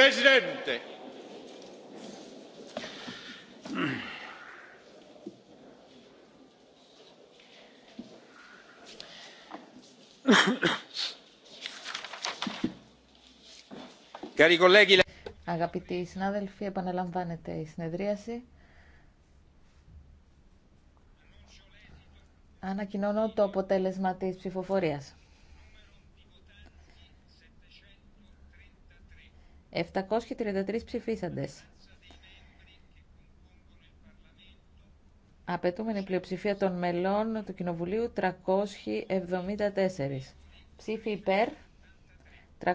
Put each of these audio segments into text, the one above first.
presidente Αγαπητοί συνάδελφοι, επαναλαμβάνεται η συνεδρίαση. Ανακοινώνω το αποτέλεσμα της ψηφοφορίας. 733 ψηφίσαντες. Απαιτούμενη πλειοψηφία των μελών του Κοινοβουλίου 374. Ψήφι υπέρ 383.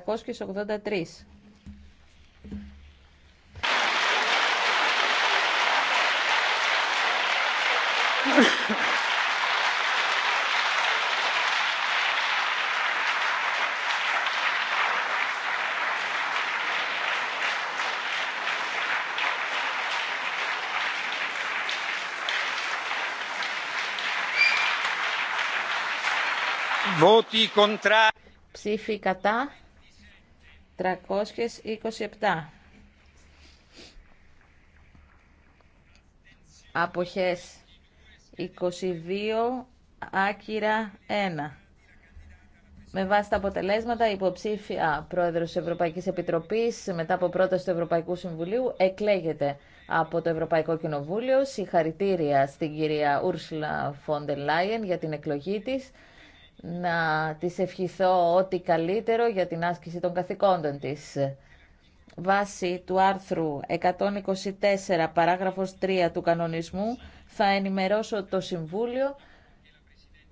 Ψήφι κατά 327. Αποχές 22, άκυρα 1. Με βάση τα αποτελέσματα, η υποψήφια πρόεδρος της Ευρωπαϊκής Επιτροπής μετά από πρόταση του Ευρωπαϊκού Συμβουλίου εκλέγεται από το Ευρωπαϊκό Κοινοβούλιο. Συγχαρητήρια στην κυρία Ούρσλα Φόντε Λάιεν για την εκλογή της να της ευχηθώ ό,τι καλύτερο για την άσκηση των καθηκόντων της. Βάσει του άρθρου 124 παράγραφος 3 του κανονισμού θα ενημερώσω το Συμβούλιο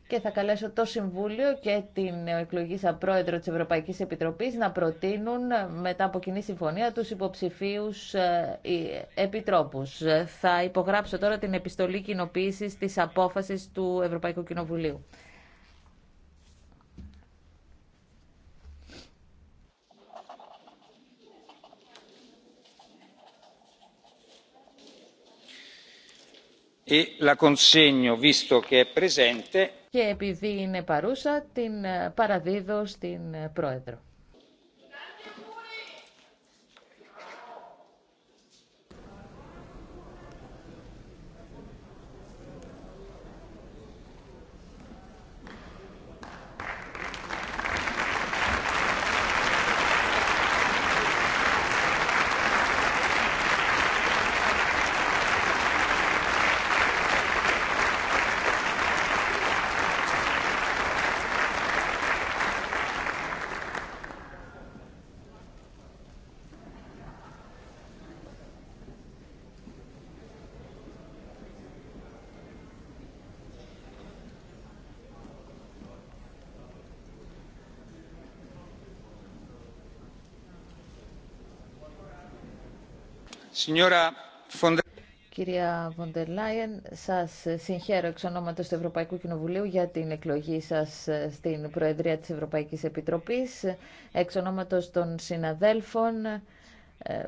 και θα καλέσω το Συμβούλιο και την εκλογήσα πρόεδρο της Ευρωπαϊκής Επιτροπής να προτείνουν μετά από κοινή συμφωνία τους υποψηφίους ε, επιτρόπους. Θα υπογράψω τώρα την επιστολή κοινοποίησης της απόφασης του Ευρωπαϊκού Κοινοβουλίου. E la consegno, visto che è Και επειδή είναι παρούσα, την ε, παραδίδω στην ε, Πρόεδρο. Κυρία Βοντελάιεν, σας συγχαίρω εξ ονόματος του Ευρωπαϊκού Κοινοβουλίου για την εκλογή σας στην Προεδρία της Ευρωπαϊκής Επιτροπής, εξ ονόματος των συναδέλφων, ε,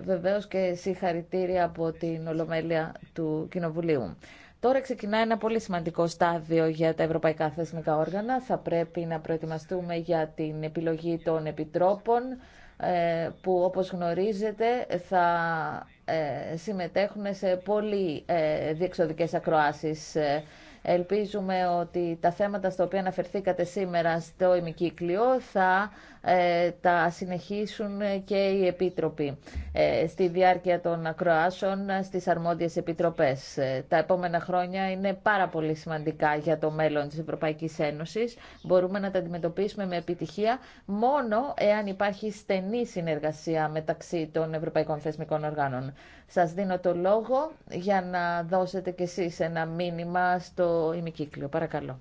βεβαίως και συγχαρητήρια από την Ολομέλεια του Κοινοβουλίου. Τώρα ξεκινά ένα πολύ σημαντικό στάδιο για τα ευρωπαϊκά θεσμικά όργανα. Θα πρέπει να προετοιμαστούμε για την επιλογή των επιτρόπων ε, που όπως γνωρίζετε θα ε, συμμετέχουν σε πολύ ε, διεξοδικές ακροάσεις ε, Ελπίζουμε ότι τα θέματα στα οποία αναφερθήκατε σήμερα στο ημικύκλιο θα ε, τα συνεχίσουν και οι Επίτροποι ε, στη διάρκεια των ακροάσεων στις αρμόδιες επιτροπές. Ε, τα επόμενα χρόνια είναι πάρα πολύ σημαντικά για το μέλλον της Ευρωπαϊκής Ένωσης. Μπορούμε να τα αντιμετωπίσουμε με επιτυχία μόνο εάν υπάρχει στενή συνεργασία μεταξύ των Ευρωπαϊκών Θεσμικών Οργάνων. Σας δίνω το λόγο για να δώσετε κι εσείς ένα μήνυμα ημικύκλιο. Παρακαλώ.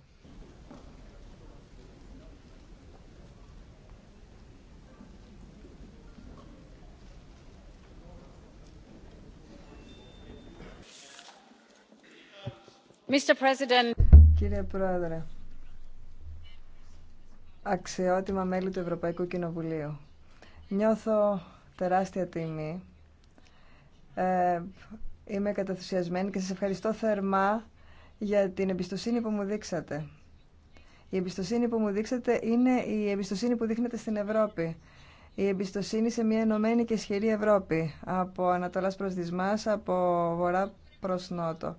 Mr. President. Κύριε Πρόεδρε, αξιότιμα μέλη του Ευρωπαϊκού Κοινοβουλίου, νιώθω τεράστια τιμή. Ε, είμαι καταθουσιασμένη και σας ευχαριστώ θερμά για την εμπιστοσύνη που μου δείξατε. Η εμπιστοσύνη που μου δείξατε είναι η εμπιστοσύνη που δείχνετε στην Ευρώπη. Η εμπιστοσύνη σε μια ενωμένη και ισχυρή Ευρώπη, από Ανατολάς προς Δυσμά, από Βορρά προς Νότο.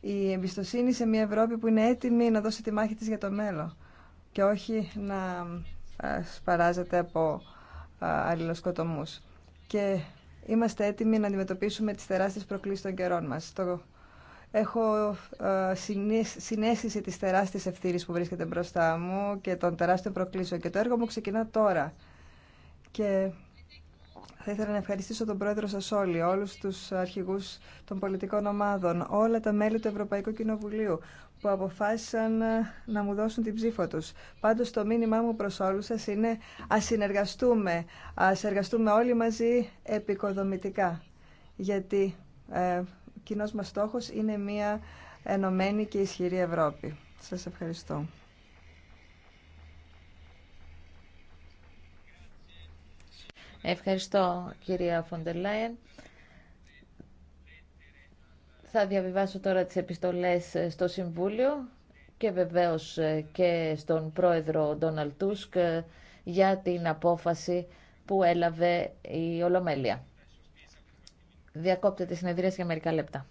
Η εμπιστοσύνη σε μια Ευρώπη που είναι έτοιμη να δώσει τη μάχη της για το μέλλον και όχι να ε, σπαράζεται από ε, αλληλοσκοτομούς. Και είμαστε έτοιμοι να αντιμετωπίσουμε τις τεράστιες προκλήσεις των καιρών μας. Το Έχω ε, συνέστηση της τεράστιας ευθύρης που βρίσκεται μπροστά μου και των τεράστιων προκλήσεων και το έργο μου ξεκινά τώρα. Και θα ήθελα να ευχαριστήσω τον πρόεδρο σας όλοι, όλους τους αρχηγούς των πολιτικών ομάδων, όλα τα μέλη του Ευρωπαϊκού Κοινοβουλίου που αποφάσισαν ε, να μου δώσουν την ψήφο τους. Πάντως το μήνυμά μου προς όλους σας είναι ας συνεργαστούμε, ας εργαστούμε όλοι μαζί επικοδομητικά. Γιατί ε, κοινός μας στόχος είναι μια ενωμένη και ισχυρή Ευρώπη. Σας ευχαριστώ. Ευχαριστώ κυρία Φοντελάιεν. Θα διαβιβάσω τώρα τις επιστολές στο Συμβούλιο και βεβαίως και στον πρόεδρο Ντόναλτ Τούσκ για την απόφαση που έλαβε η Ολομέλεια. Διακόπτεται η συνεδρίαση για μερικά λεπτά.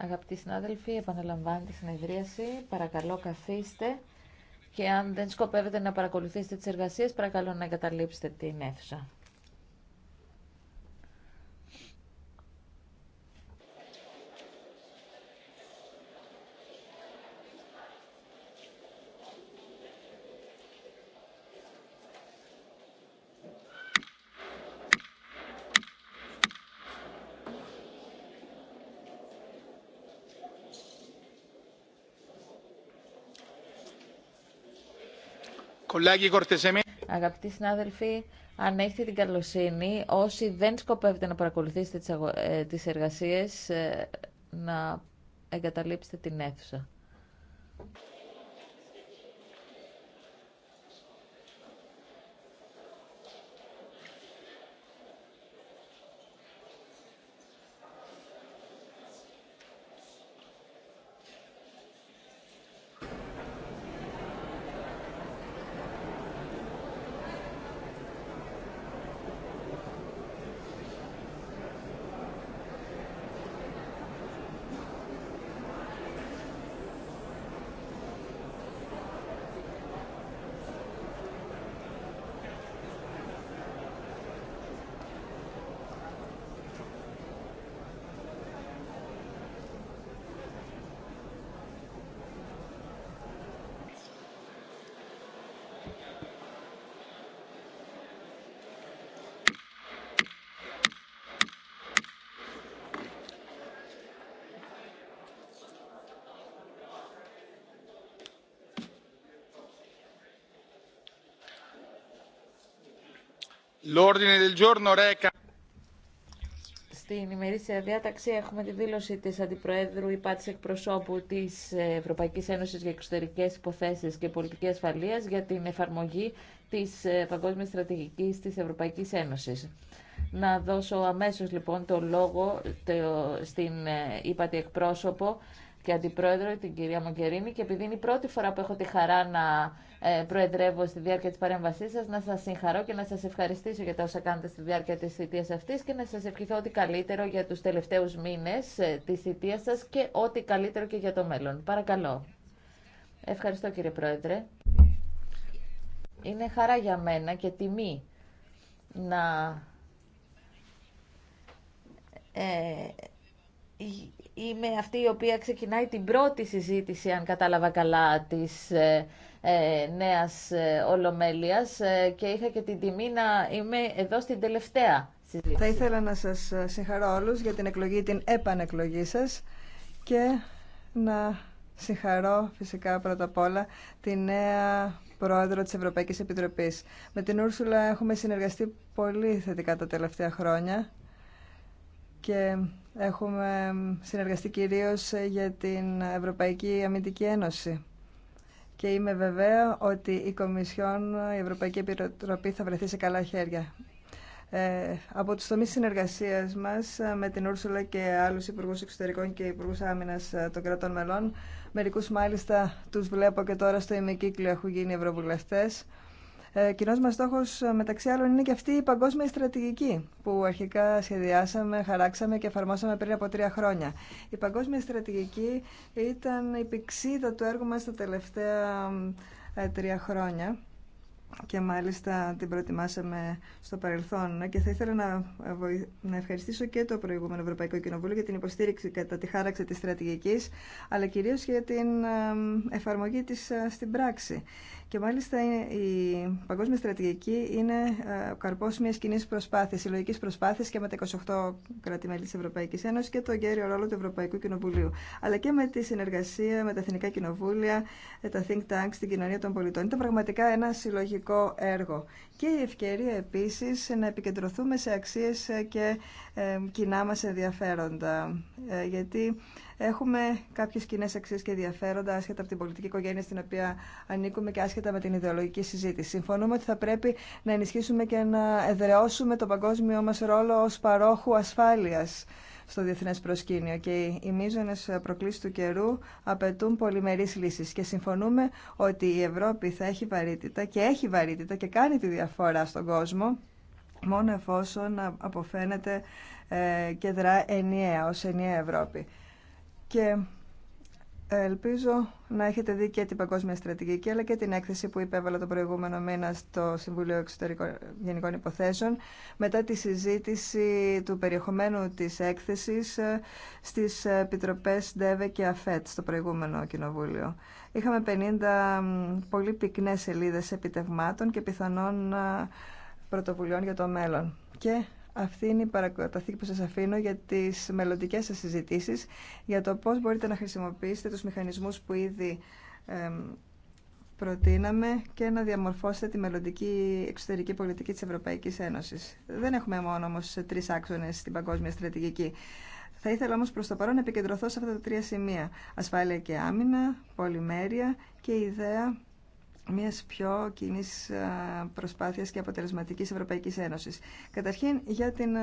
Αγαπητοί συνάδελφοι, επαναλαμβάνεται τη συνεδρίαση. Παρακαλώ καθίστε και αν δεν σκοπεύετε να παρακολουθήσετε τι εργασίε, παρακαλώ να εγκαταλείψετε την αίθουσα. Αγαπητοί συνάδελφοι, αν έχετε την καλοσύνη, όσοι δεν σκοπεύετε να παρακολουθήσετε τις ε, εργασίες, ε, να εγκαταλείψετε την αίθουσα. Στην ημερήσια διάταξη έχουμε τη δήλωση τη Αντιπροέδρου Υπάτης Εκπροσώπου τη Ευρωπαϊκή Ένωση για εξωτερικέ υποθέσει και Πολιτική ασφαλεία για την εφαρμογή της ε, Παγκόσμια Στρατηγική της Ευρωπαϊκή Ένωσης. Να δώσω αμέσως λοιπόν το λόγο στην ε, Υπάτη Εκπρόσωπο και Αντιπρόεδρο, την κυρία Μογκερίνη, και επειδή είναι η πρώτη φορά που έχω τη χαρά να ε, προεδρεύω στη διάρκεια τη παρέμβασή σα, να σα συγχαρώ και να σα ευχαριστήσω για τα όσα κάνετε στη διάρκεια τη θητεία αυτή και να σα ευχηθώ ό,τι καλύτερο για του τελευταίου μήνε ε, τη θητεία σα και ό,τι καλύτερο και για το μέλλον. Παρακαλώ. Ευχαριστώ κύριε Πρόεδρε. Είναι χαρά για μένα και τιμή να ε, είμαι αυτή η οποία ξεκινάει την πρώτη συζήτηση, αν κατάλαβα καλά, της ε, ε νέας ε, Ολομέλειας ε, και είχα και την τιμή να είμαι εδώ στην τελευταία συζήτηση. Θα ήθελα να σας συγχαρώ όλους για την εκλογή, την επανεκλογή σας και να συγχαρώ φυσικά πρώτα απ' όλα τη νέα πρόεδρο της Ευρωπαϊκής Επιτροπής. Με την Ούρσουλα έχουμε συνεργαστεί πολύ θετικά τα τελευταία χρόνια και Έχουμε συνεργαστεί κυρίως ε, για την Ευρωπαϊκή Αμυντική Ένωση. Και είμαι βεβαία ότι η Κομισιόν, η Ευρωπαϊκή Επιτροπή θα βρεθεί σε καλά χέρια. Ε, από τους τομείς συνεργασίας μας ε, με την Ούρσουλα και άλλους υπουργούς εξωτερικών και υπουργούς άμυνας ε, των κρατών μελών, μερικούς μάλιστα τους βλέπω και τώρα στο ημικύκλιο έχουν γίνει ευρωβουλευτές. Ε, κοινό μα στόχο, ε, μεταξύ άλλων, είναι και αυτή η παγκόσμια στρατηγική που αρχικά σχεδιάσαμε, χαράξαμε και εφαρμόσαμε πριν από τρία χρόνια. Η παγκόσμια στρατηγική ήταν η πηξίδα του έργου μα τα τελευταία ε, τρία χρόνια και μάλιστα την προετοιμάσαμε στο παρελθόν και θα ήθελα να, να ευχαριστήσω και το προηγούμενο Ευρωπαϊκό Κοινοβούλιο για την υποστήριξη κατά τη χάραξη της στρατηγικής αλλά κυρίως για την εφαρμογή της στην πράξη και μάλιστα η παγκόσμια στρατηγική είναι ε, ο καρπό μια κοινή προσπάθεια, συλλογική προσπάθεια και με τα 28 κράτη-μέλη τη Ευρωπαϊκή Ένωση και τον κέριο ρόλο του Ευρωπαϊκού Κοινοβουλίου. Αλλά και με τη συνεργασία με τα εθνικά κοινοβούλια, ε, τα think tanks, την κοινωνία των πολιτών. Ήταν πραγματικά ένα συλλογικό έργο. Και η ευκαιρία επίση να επικεντρωθούμε σε αξίε ε, και κοινά μα ενδιαφέροντα έχουμε κάποιε κοινέ αξίε και ενδιαφέροντα, άσχετα από την πολιτική οικογένεια στην οποία ανήκουμε και άσχετα με την ιδεολογική συζήτηση. Συμφωνούμε ότι θα πρέπει να ενισχύσουμε και να εδραιώσουμε το παγκόσμιο μα ρόλο ω παρόχου ασφάλεια στο διεθνέ προσκήνιο και οι μείζονε προκλήσει του καιρού απαιτούν πολυμερεί λύσει. Και συμφωνούμε ότι η Ευρώπη θα έχει βαρύτητα και έχει βαρύτητα και κάνει τη διαφορά στον κόσμο μόνο εφόσον αποφαίνεται ε, και δρά ενιαία, ως ενιαία Ευρώπη και ε, ελπίζω να έχετε δει και την παγκόσμια στρατηγική αλλά και την έκθεση που υπέβαλα το προηγούμενο μήνα στο Συμβουλίο Εξωτερικών Γενικών Υποθέσεων μετά τη συζήτηση του περιεχομένου της έκθεσης ε, στις επιτροπές ΔΕΒΕ και ΑΦΕΤ στο προηγούμενο κοινοβούλιο. Είχαμε 50 πολύ πυκνές σελίδες επιτευμάτων και πιθανών ε, πρωτοβουλειών για το μέλλον. Και αυτή είναι η παρακαταθήκη που σας αφήνω για τις μελλοντικές σας συζητήσεις για το πώς μπορείτε να χρησιμοποιήσετε τους μηχανισμούς που ήδη προτείναμε και να διαμορφώσετε τη μελλοντική εξωτερική πολιτική της Ευρωπαϊκής Ένωσης. Δεν έχουμε μόνο όμως τρεις άξονες στην παγκόσμια στρατηγική. Θα ήθελα όμως προς το παρόν να επικεντρωθώ σε αυτά τα τρία σημεία. Ασφάλεια και άμυνα, πολυμέρεια και ιδέα μια πιο κοινή ε, προσπάθεια και αποτελεσματική Ευρωπαϊκή Ένωση. Καταρχήν για την ε,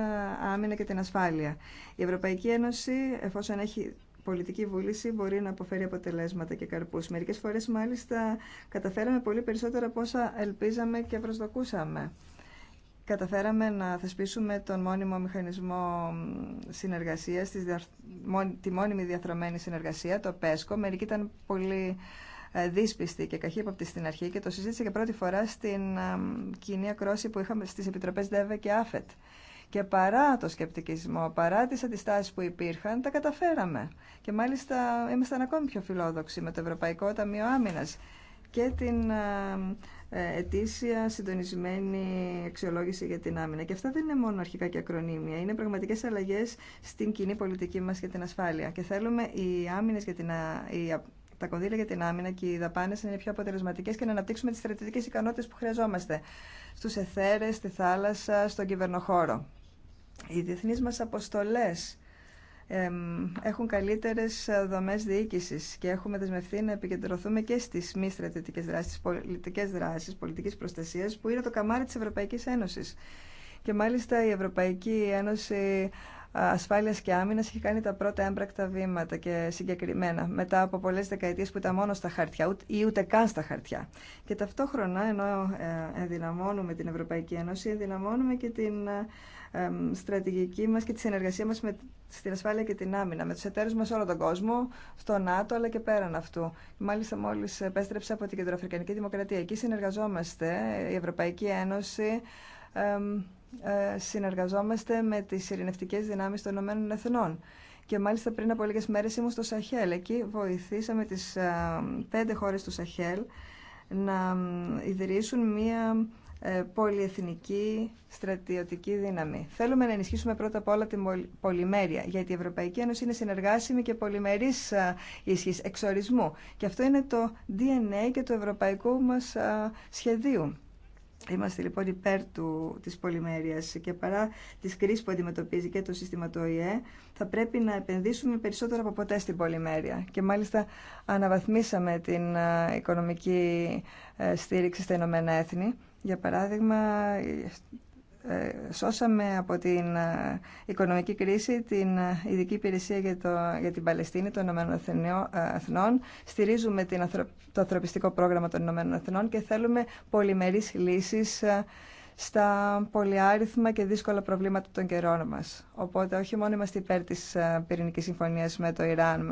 άμυνα και την ασφάλεια. Η Ευρωπαϊκή Ένωση, εφόσον έχει πολιτική βούληση, μπορεί να αποφέρει αποτελέσματα και καρπού. Μερικέ φορέ, μάλιστα, καταφέραμε πολύ περισσότερα από όσα ελπίζαμε και προσδοκούσαμε. Καταφέραμε να θεσπίσουμε τον μόνιμο μηχανισμό συνεργασίας, τη μόνιμη διαθρωμένη συνεργασία, το ΠΕΣΚΟ. Μερικοί ήταν πολύ δύσπιστη και καχύποπτη στην αρχή και το συζήτησα και πρώτη φορά στην κοινή ακρόση που είχαμε στις Επιτροπές ΔΕΒΕ και ΑΦΕΤ. Και παρά το σκεπτικισμό, παρά τις αντιστάσεις που υπήρχαν, τα καταφέραμε. Και μάλιστα ήμασταν ακόμη πιο φιλόδοξοι με το Ευρωπαϊκό Ταμείο Άμυνας και την ε, ετήσια συντονισμένη αξιολόγηση για την άμυνα. Και αυτά δεν είναι μόνο αρχικά και ακρονίμια, είναι πραγματικές αλλαγές στην κοινή πολιτική μας για την ασφάλεια. Και θέλουμε οι άμυνες για την, τα κονδύλια για την άμυνα και οι δαπάνε είναι πιο αποτελεσματικέ και να αναπτύξουμε τι στρατιωτικέ ικανότητε που χρειαζόμαστε στου εθέρε, στη θάλασσα, στον κυβερνοχώρο. Οι διεθνεί μα αποστολέ έχουν καλύτερε ε, δομέ διοίκηση και έχουμε δεσμευθεί να επικεντρωθούμε και στι μη στρατιωτικέ δράσει, τι πολιτικέ δράσει, πολιτική προστασία, που είναι το καμάρι τη Ευρωπαϊκή Ένωση. Και μάλιστα η Ευρωπαϊκή Ένωση ασφάλειας και άμυνας είχε κάνει τα πρώτα έμπρακτα βήματα και συγκεκριμένα μετά από πολλές δεκαετίες που ήταν μόνο στα χαρτιά ή ούτε καν στα χαρτιά. Και ταυτόχρονα ενώ ε, ενδυναμώνουμε την Ευρωπαϊκή Ένωση ενδυναμώνουμε και την ε, στρατηγική μας και τη συνεργασία μας με, στην ασφάλεια και την άμυνα με τους εταίρους μας όλο τον κόσμο, στο ΝΑΤΟ αλλά και πέραν αυτού. Μάλιστα μόλις επέστρεψα από την Κεντροαφρικανική Δημοκρατία. Εκεί συνεργαζόμαστε η Ευρωπαϊκή Ένωση ε, συνεργαζόμαστε με τις ειρηνευτικές δυνάμεις των Ηνωμένων Εθνών. Και μάλιστα πριν από λίγες μέρες ήμουν στο Σαχέλ. Εκεί βοηθήσαμε τις ε, πέντε χώρες του Σαχέλ να ιδρύσουν μία ε, πολυεθνική στρατιωτική δύναμη. Θέλουμε να ενισχύσουμε πρώτα απ' όλα την πολυμέρεια, γιατί η Ευρωπαϊκή Ένωση είναι συνεργάσιμη και πολυμερής ίσχυ εξορισμού. Και αυτό είναι το DNA και το ευρωπαϊκού μα σχεδίου. Είμαστε λοιπόν υπέρ του, της πολυμέρειας και παρά της κρίσης που αντιμετωπίζει και το σύστημα του ΟΗΕ θα πρέπει να επενδύσουμε περισσότερο από ποτέ στην πολυμέρεια και μάλιστα αναβαθμίσαμε την ε, οικονομική ε, στήριξη στα Ηνωμένα Έθνη για παράδειγμα ε, σώσαμε από την ε, οικονομική κρίση την ε, Ειδική Υπηρεσία για, το, για την Παλαιστίνη των Ηνωμένων Εθνών. Στηρίζουμε την, το ανθρωπιστικό πρόγραμμα των Ηνωμένων Εθνών και θέλουμε πολυμερείς λύσεις στα πολυάριθμα και δύσκολα προβλήματα των καιρών μας. Οπότε όχι μόνο είμαστε υπέρ τη ε, πυρηνική συμφωνία με το Ιράν,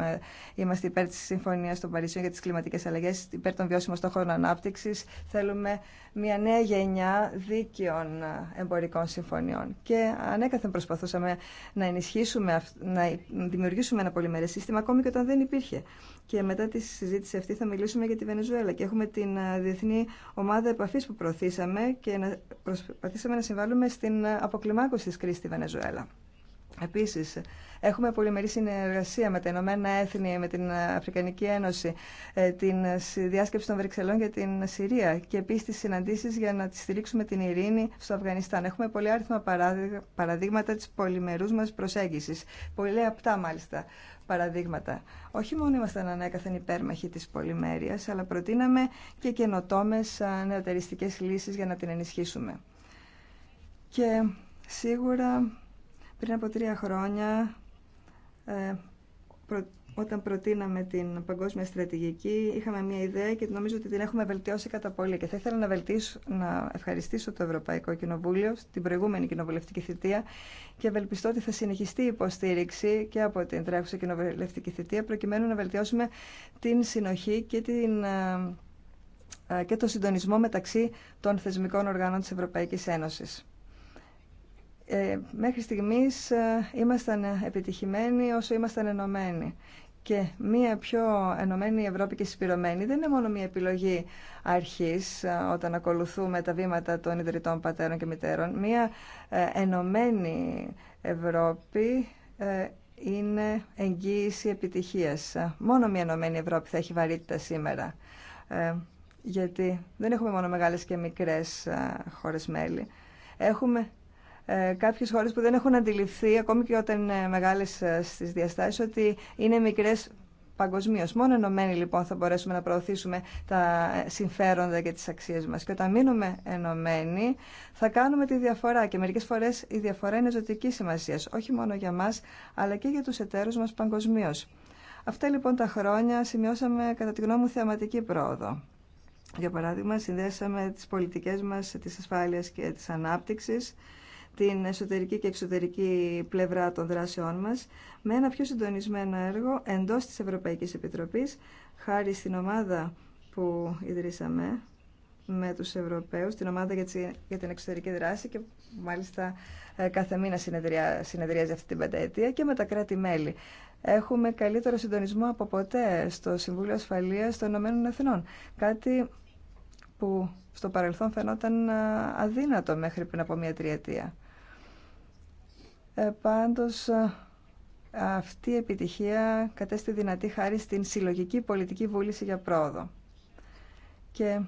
είμαστε υπέρ τη συμφωνία των Παρισιών για τις κλιματικές αλλαγές, υπέρ των βιώσιμων στόχων ανάπτυξη. θέλουμε μια νέα γενιά δίκαιων ε, εμπορικών συμφωνιών. Και ανέκαθεν προσπαθούσαμε να ενισχύσουμε, να δημιουργήσουμε ένα πολυμερές σύστημα, ακόμη και όταν δεν υπήρχε και μετά τη συζήτηση αυτή θα μιλήσουμε για τη Βενεζουέλα και έχουμε την διεθνή ομάδα επαφής που προωθήσαμε και προσπαθήσαμε να συμβάλλουμε στην αποκλιμάκωση της κρίσης στη Βενεζουέλα. Επίσης, έχουμε πολυμερή συνεργασία με τα Ηνωμένα Έθνη, με την Αφρικανική Ένωση, ε, τη διάσκεψη των Βρυξελών για την Συρία και επίσης τις συναντήσεις για να τη στηρίξουμε την ειρήνη στο Αφγανιστάν. Έχουμε πολύ άριθμα παραδείγματα της πολυμερούς μας προσέγγισης, πολύ απτά μάλιστα παραδείγματα. Όχι μόνο ήμασταν ανέκαθεν υπέρμαχοι της πολυμέρειας, αλλά προτείναμε και καινοτόμες νεοτεριστικές λύσεις για να την ενισχύσουμε. Και σίγουρα πριν από τρία χρόνια, ε, όταν προτείναμε την παγκόσμια στρατηγική, είχαμε μια ιδέα και νομίζω ότι την έχουμε βελτιώσει κατά πολύ. Και θα ήθελα να, βελτίσω, να ευχαριστήσω το Ευρωπαϊκό Κοινοβούλιο την προηγούμενη κοινοβουλευτική θητεία και ευελπιστώ ότι θα συνεχιστεί η υποστήριξη και από την τρέχουσα κοινοβουλευτική θητεία προκειμένου να βελτιώσουμε την συνοχή και την ε, ε, και το συντονισμό μεταξύ των θεσμικών οργάνων της Ευρωπαϊκής Ένωσης. Ε, μέχρι στιγμής ε, ήμασταν επιτυχημένοι όσο ήμασταν ενωμένοι. Και μια πιο ενωμένη Ευρώπη και συσπηρωμένη δεν είναι μόνο μια επιλογή αρχής ε, όταν ακολουθούμε τα βήματα των ιδρυτών πατέρων και μητέρων. Μια ε, ενωμένη Ευρώπη είναι εγγύηση επιτυχίας. Μόνο μια ενωμένη Ευρώπη θα έχει βαρύτητα σήμερα. γιατί δεν έχουμε μόνο μεγάλες και μικρές χώρες μέλη. Έχουμε ε, κάποιες χώρες που δεν έχουν αντιληφθεί, ακόμη και όταν είναι μεγάλες ε, στις διαστάσεις, ότι είναι μικρές παγκοσμίω. Μόνο ενωμένοι λοιπόν θα μπορέσουμε να προωθήσουμε τα ε, συμφέροντα και τι αξίε μα. Και όταν μείνουμε ενωμένοι, θα κάνουμε τη διαφορά. Και μερικέ φορέ η διαφορά είναι ζωτική σημασία, όχι μόνο για μα, αλλά και για του εταίρου μα παγκοσμίω. Αυτά λοιπόν τα χρόνια σημειώσαμε, κατά τη γνώμη μου, θεαματική πρόοδο. Για παράδειγμα, συνδέσαμε τις πολιτικές μας της ασφάλειας και της ανάπτυξης την εσωτερική και εξωτερική πλευρά των δράσεών μας με ένα πιο συντονισμένο έργο εντός της Ευρωπαϊκής Επιτροπής χάρη στην ομάδα που ιδρύσαμε με τους Ευρωπαίους, την ομάδα για την εξωτερική δράση και μάλιστα ε, κάθε μήνα συνεδριά, συνεδριάζει αυτή την πενταετία και με τα κράτη-μέλη. Έχουμε καλύτερο συντονισμό από ποτέ στο Συμβούλιο Ασφαλείας των Ηνωμένων Εθνών. Κάτι που στο παρελθόν φαινόταν ε, αδύνατο μέχρι πριν από μια τριετία. Ε, πάντως, ε, αυτή η επιτυχία κατέστη δυνατή χάρη στην συλλογική πολιτική βούληση για πρόοδο. Και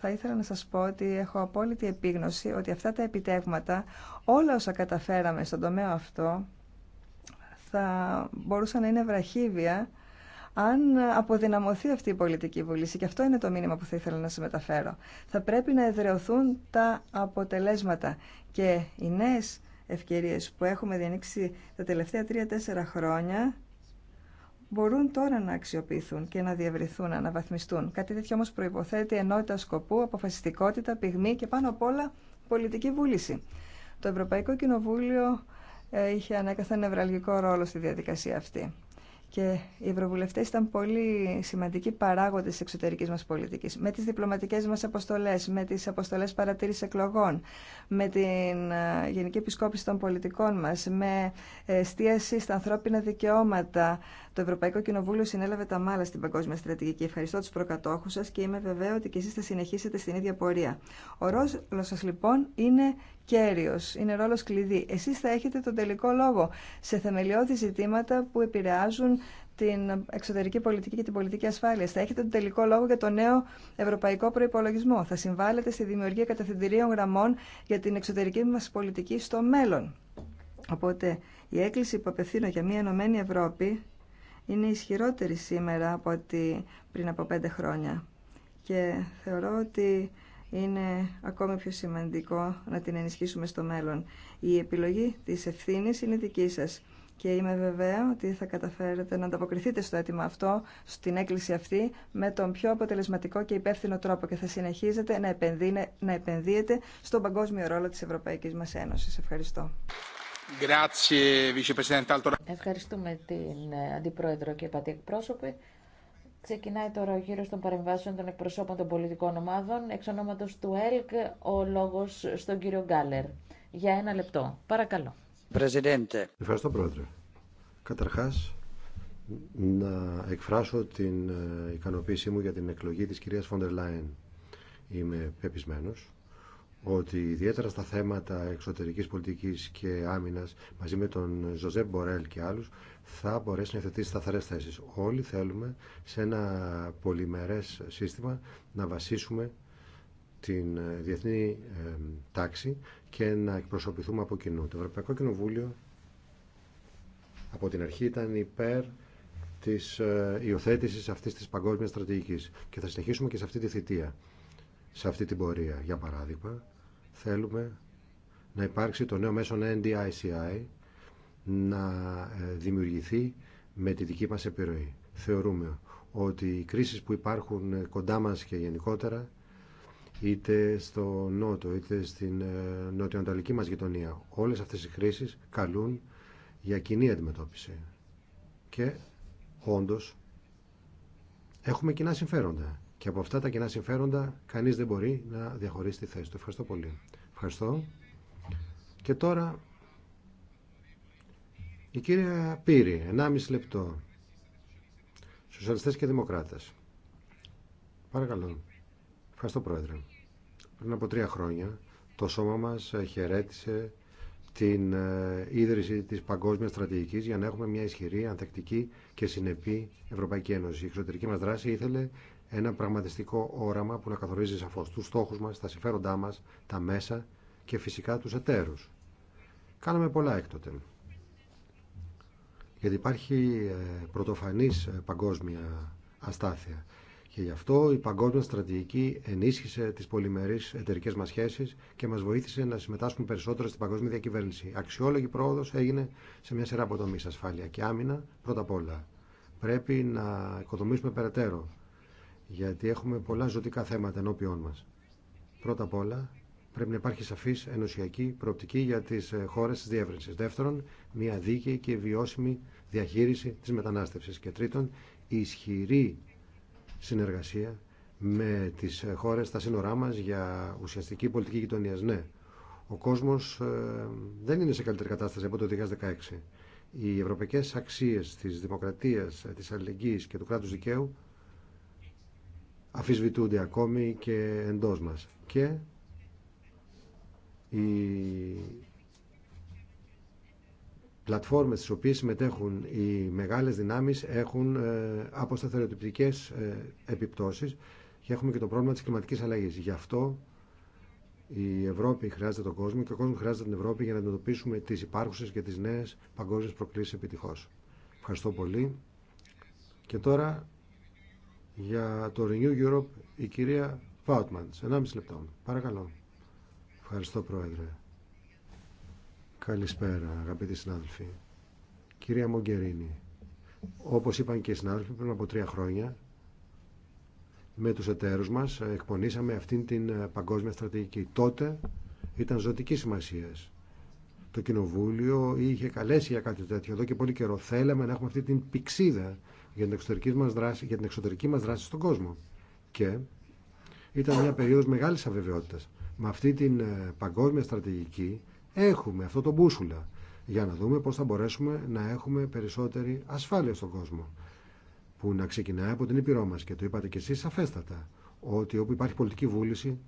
θα ήθελα να σας πω ότι έχω απόλυτη επίγνωση ότι αυτά τα επιτεύγματα, όλα όσα καταφέραμε στον τομέα αυτό, θα μπορούσαν να είναι βραχύβια αν αποδυναμωθεί αυτή η πολιτική βούληση. Και αυτό είναι το μήνυμα που θα ήθελα να σας μεταφέρω. Θα πρέπει να εδραιωθούν τα αποτελέσματα και οι νέες ευκαιρίες που έχουμε διανοίξει τα τελευταία τρία-τέσσερα χρόνια μπορούν τώρα να αξιοποιηθούν και να διευρυθούν, να αναβαθμιστούν. Κάτι τέτοιο όμως προϋποθέτει ενότητα σκοπού, αποφασιστικότητα, πυγμή και πάνω απ' όλα πολιτική βούληση. Το Ευρωπαϊκό Κοινοβούλιο ε, είχε ανέκαθεν νευραλγικό ρόλο στη διαδικασία αυτή και οι ευρωβουλευτέ ήταν πολύ σημαντικοί παράγοντε τη εξωτερική μα πολιτική. Με τι διπλωματικέ μα αποστολέ, με τι αποστολέ παρατήρηση εκλογών, με την ε, Γενική Επισκόπηση των Πολιτικών μα, με ε, εστίαση στα ανθρώπινα δικαιώματα. Το Ευρωπαϊκό Κοινοβούλιο συνέλαβε τα μάλα στην Παγκόσμια Στρατηγική. Ευχαριστώ του προκατόχου σα και είμαι βεβαίω ότι και εσεί θα συνεχίσετε στην ίδια πορεία. Ο ρόλο σα λοιπόν είναι κέριος, είναι ρόλος κλειδί. Εσείς θα έχετε τον τελικό λόγο σε θεμελιώδη ζητήματα που επηρεάζουν την εξωτερική πολιτική και την πολιτική ασφάλεια. Θα έχετε τον τελικό λόγο για το νέο ευρωπαϊκό προπολογισμό. Θα συμβάλλετε στη δημιουργία κατευθυντηρίων γραμμών για την εξωτερική μα πολιτική στο μέλλον. Οπότε η έκκληση που απευθύνω για μια ενωμένη Ευρώπη είναι ισχυρότερη σήμερα από ότι πριν από πέντε χρόνια. Και θεωρώ ότι είναι ακόμη πιο σημαντικό να την ενισχύσουμε στο μέλλον. Η επιλογή της ευθύνη είναι δική σας και είμαι βεβαία ότι θα καταφέρετε να ανταποκριθείτε στο αίτημα αυτό, στην έκκληση αυτή, με τον πιο αποτελεσματικό και υπεύθυνο τρόπο και θα συνεχίζετε να, επενδύετε στον παγκόσμιο ρόλο της Ευρωπαϊκής μας Ένωσης. Ευχαριστώ. Ευχαριστούμε την ε, Αντιπρόεδρο και Πατή Εκπρόσωπη. Ξεκινάει τώρα ο γύρος των παρεμβάσεων των εκπροσώπων των πολιτικών ομάδων. Εξ ονόματος του ΕΛΚ, ο λόγος στον κύριο Γκάλερ. Για ένα λεπτό. Παρακαλώ. Ευχαριστώ, Πρόεδρε. Καταρχάς, να εκφράσω την ε, ικανοποίησή μου για την εκλογή της κυρίας Φοντερ Λάιν. Είμαι πεπισμένος ότι ιδιαίτερα στα θέματα εξωτερικής πολιτικής και άμυνας μαζί με τον Ζωζέ Μπορέλ και άλλους θα μπορέσει να υιοθετήσει σταθερές θέσεις. Όλοι θέλουμε σε ένα πολυμερές σύστημα να βασίσουμε την ε, διεθνή ε, τάξη και να εκπροσωπηθούμε από κοινού. Το Ευρωπαϊκό Κοινοβούλιο από την αρχή ήταν υπέρ της ε, υιοθέτησης αυτής της παγκόσμιας στρατηγικής και θα συνεχίσουμε και σε αυτή τη θητεία σε αυτή την πορεία. Για παράδειγμα, θέλουμε να υπάρξει το νέο μέσο NDICI να ε, δημιουργηθεί με τη δική μας επιρροή. Θεωρούμε ότι οι κρίσεις που υπάρχουν ε, κοντά μας και γενικότερα είτε στο νότο είτε στην ε, νοτιοανατολική μας γειτονία όλες αυτές οι κρίσεις καλούν για κοινή αντιμετώπιση και όντως έχουμε κοινά συμφέροντα και από αυτά τα κοινά συμφέροντα κανείς δεν μπορεί να διαχωρίσει τη θέση του. Ευχαριστώ πολύ. Ευχαριστώ. Και τώρα η κυρία Πύρη, 1,5 λεπτό. Σοσιαλιστές και Δημοκράτες. Παρακαλώ. Ευχαριστώ Πρόεδρε. Πριν από τρία χρόνια το σώμα μας ε, χαιρέτησε την ε, ίδρυση της παγκόσμιας στρατηγικής για να έχουμε μια ισχυρή, ανθεκτική και συνεπή Ευρωπαϊκή Ένωση. Η εξωτερική μας δράση ήθελε ένα πραγματιστικό όραμα που να καθορίζει σαφώ του στόχου μα, τα συμφέροντά μα, τα μέσα και φυσικά του εταίρου. Κάναμε πολλά έκτοτε. Γιατί υπάρχει ε, πρωτοφανής ε, παγκόσμια αστάθεια. Και γι' αυτό η παγκόσμια στρατηγική ενίσχυσε τι πολυμερεί εταιρικέ μα σχέσει και μα βοήθησε να συμμετάσχουμε περισσότερο στην παγκόσμια διακυβέρνηση. Αξιόλογη πρόοδο έγινε σε μια σειρά από ασφάλεια και άμυνα πρώτα απ' όλα. Πρέπει να οικοδομήσουμε περαιτέρω γιατί έχουμε πολλά ζωτικά θέματα ενώπιόν μας. Πρώτα απ' όλα, πρέπει να υπάρχει σαφής ενωσιακή προοπτική για τις ε, χώρες της διεύρυνσης. Δεύτερον, μια δίκαιη και βιώσιμη διαχείριση της μετανάστευσης. Και τρίτον, ισχυρή συνεργασία με τις ε, χώρες στα σύνορά μας για ουσιαστική πολιτική γειτονία. Ναι, ο κόσμος ε, δεν είναι σε καλύτερη κατάσταση από το 2016. Οι ευρωπαϊκές αξίες της δημοκρατίας, της αλληλεγγύης και του κράτους δικαίου αφισβητούνται ακόμη και εντός μας. Και οι πλατφόρμες στις οποίες συμμετέχουν οι μεγάλες δυνάμεις έχουν ε, αποσταθεροτυπτικές ε, επιπτώσεις και έχουμε και το πρόβλημα της κλιματικής αλλαγής. Γι' αυτό η Ευρώπη χρειάζεται τον κόσμο και ο κόσμος χρειάζεται την Ευρώπη για να αντιμετωπίσουμε τις υπάρχουσες και τις νέες παγκόσμιες προκλήσεις επιτυχώς. Ευχαριστώ πολύ. Και τώρα για το Renew Europe η κυρία Φάουτμαντς. 1,5 λεπτό. Παρακαλώ. Ευχαριστώ Πρόεδρε. Καλησπέρα αγαπητοί συνάδελφοι. Κυρία Μογκερίνη, όπως είπαν και οι συνάδελφοι πριν από τρία χρόνια, με τους εταίρους μας εκπονήσαμε αυτήν την ε, παγκόσμια στρατηγική. Τότε ήταν ζωτική σημασία. Το Κοινοβούλιο είχε καλέσει για κάτι τέτοιο εδώ και πολύ καιρό. Θέλαμε να έχουμε αυτή την πηξίδα για την εξωτερική μας δράση, για την εξωτερική μας δράση στον κόσμο. Και ήταν μια περίοδος μεγάλης αβεβαιότητας. Με αυτή την ε, παγκόσμια στρατηγική έχουμε αυτό το μπούσουλα για να δούμε πώς θα μπορέσουμε να έχουμε περισσότερη ασφάλεια στον κόσμο που να ξεκινάει από την ήπειρό μας και το είπατε κι εσείς σαφέστατα ότι όπου υπάρχει πολιτική βούληση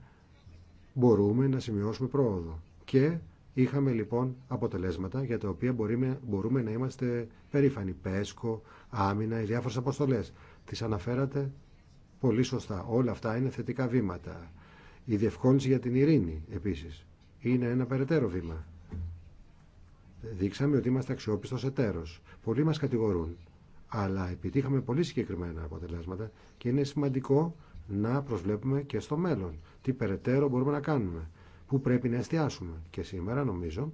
μπορούμε να σημειώσουμε πρόοδο και Είχαμε λοιπόν αποτελέσματα για τα οποία μπορούμε, μπορούμε να είμαστε περήφανοι. Πέσκο, άμυνα, οι διάφορε αποστολέ. Τι αναφέρατε πολύ σωστά. Όλα αυτά είναι θετικά βήματα. Η διευκόλυνση για την ειρήνη επίση είναι ένα περαιτέρω βήμα. Δείξαμε ότι είμαστε αξιόπιστο εταίρο. Πολλοί μα κατηγορούν. Αλλά επιτύχαμε πολύ συγκεκριμένα αποτελέσματα και είναι σημαντικό να προσβλέπουμε και στο μέλλον. Τι περαιτέρω μπορούμε να κάνουμε Πού πρέπει να εστιάσουμε. Και σήμερα νομίζω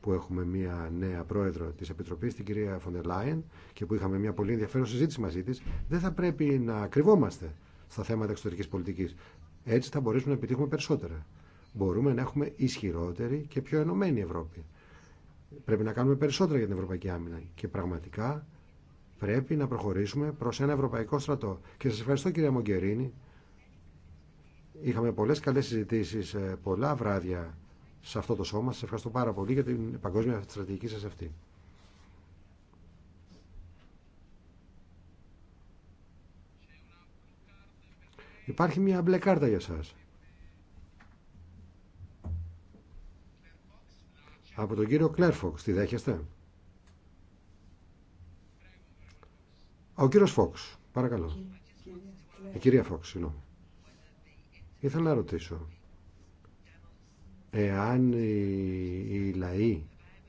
που έχουμε μια νέα πρόεδρο της Επιτροπής, την κυρία Φοντερ Λάιεν, και που είχαμε μια πολύ ενδιαφέρον συζήτηση μαζί της, δεν θα πρέπει να κρυβόμαστε στα θέματα εξωτερικής πολιτικής. Έτσι θα μπορέσουμε να επιτύχουμε περισσότερα. Μπορούμε να έχουμε ισχυρότερη και πιο ενωμένη Ευρώπη. Πρέπει να κάνουμε περισσότερα για την Ευρωπαϊκή Άμυνα και πραγματικά πρέπει να προχωρήσουμε προς ένα Ευρωπαϊκό στρατό. Και σας ευχαριστώ κυρία Μογκερίνη Είχαμε πολλές καλές συζητήσεις, ε, πολλά βράδια σε αυτό το σώμα. Σας ευχαριστώ πάρα πολύ για την παγκόσμια στρατηγική σας αυτή. Υπάρχει μια μπλε κάρτα για σας. Από τον κύριο Κλέρφοξ, τη δέχεστε. Ο κύριος Φόξ, παρακαλώ. Η κυρία Φόξ, συγγνώμη. Ήθελα να ρωτήσω, εάν οι λαοί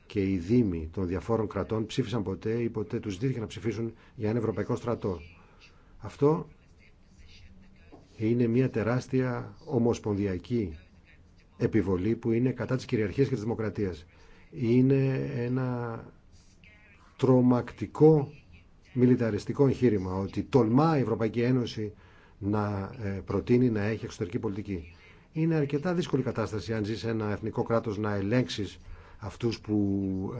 και οι δήμοι των διαφόρων κρατών ψήφισαν ποτέ ή ποτέ τους δίθηκε να ψηφίσουν για ένα ευρωπαϊκό στρατό. Αυτό είναι μια τεράστια ομοσπονδιακή επιβολή που είναι κατά της κυριαρχίας και της δημοκρατίας. Είναι ένα τρομακτικό μιλιταριστικό εγχείρημα ότι τολμά η Ευρωπαϊκή Ένωση να ε, προτείνει να έχει εξωτερική πολιτική. Είναι αρκετά δύσκολη κατάσταση αν ζει σε ένα εθνικό κράτο να ελέγξει αυτού που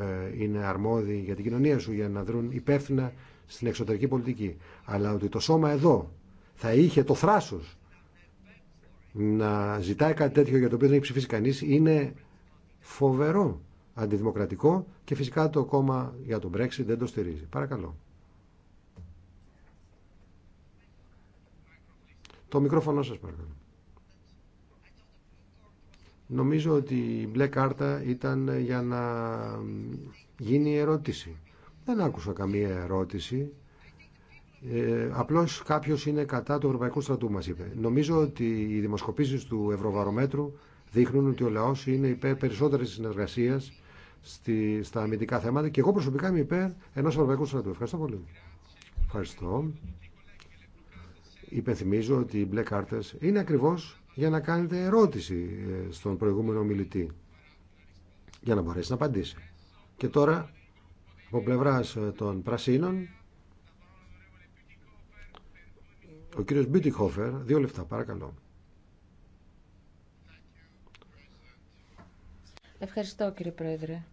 ε, είναι αρμόδιοι για την κοινωνία σου για να δρουν υπεύθυνα στην εξωτερική πολιτική. Αλλά ότι το σώμα εδώ θα είχε το θράσο να ζητάει κάτι τέτοιο για το οποίο δεν έχει ψηφίσει κανεί είναι φοβερό αντιδημοκρατικό και φυσικά το κόμμα για τον Brexit δεν το στηρίζει. Παρακαλώ. Το μικρόφωνο σας παρακαλώ. Νομίζω ότι η μπλε κάρτα ήταν για να γίνει ερώτηση. Δεν άκουσα καμία ερώτηση. Ε, απλώς κάποιος είναι κατά του Ευρωπαϊκού Στρατού μας είπε. Νομίζω ότι οι δημοσκοπήσεις του Ευρωβαρομέτρου δείχνουν ότι ο λαός είναι υπέρ περισσότερης συνεργασίας στη, στα αμυντικά θέματα και εγώ προσωπικά είμαι υπέρ ενός Ευρωπαϊκού Στρατού. Ευχαριστώ πολύ. Ευχαριστώ υπενθυμίζω ότι οι μπλε κάρτε είναι ακριβώς για να κάνετε ερώτηση ε, στον προηγούμενο μιλητή για να μπορέσει να απαντήσει. Και τώρα από πλευρά ε, των Πρασίνων ο κύριος Μπιτιχόφερ. δύο λεπτά παρακαλώ. Ευχαριστώ κύριε Πρόεδρε.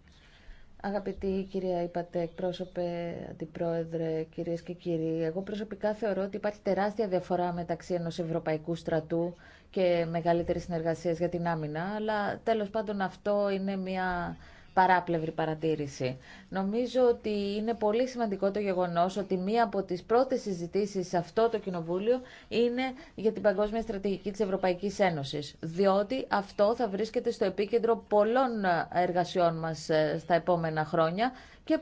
Αγαπητή κυρία Ιπατέ, εκπρόσωπε, αντιπρόεδρε, κυρίες και κύριοι, εγώ προσωπικά θεωρώ ότι υπάρχει τεράστια διαφορά μεταξύ ενός ευρωπαϊκού στρατού και μεγαλύτερης συνεργασίας για την άμυνα, αλλά τέλος πάντων αυτό είναι μια παράπλευρη παρατήρηση. Νομίζω ότι είναι πολύ σημαντικό το γεγονός ότι μία από τις πρώτες συζητήσεις σε αυτό το Κοινοβούλιο είναι για την Παγκόσμια Στρατηγική της Ευρωπαϊκής Ένωσης, διότι αυτό θα βρίσκεται στο επίκεντρο πολλών εργασιών μας ε, στα επόμενα χρόνια και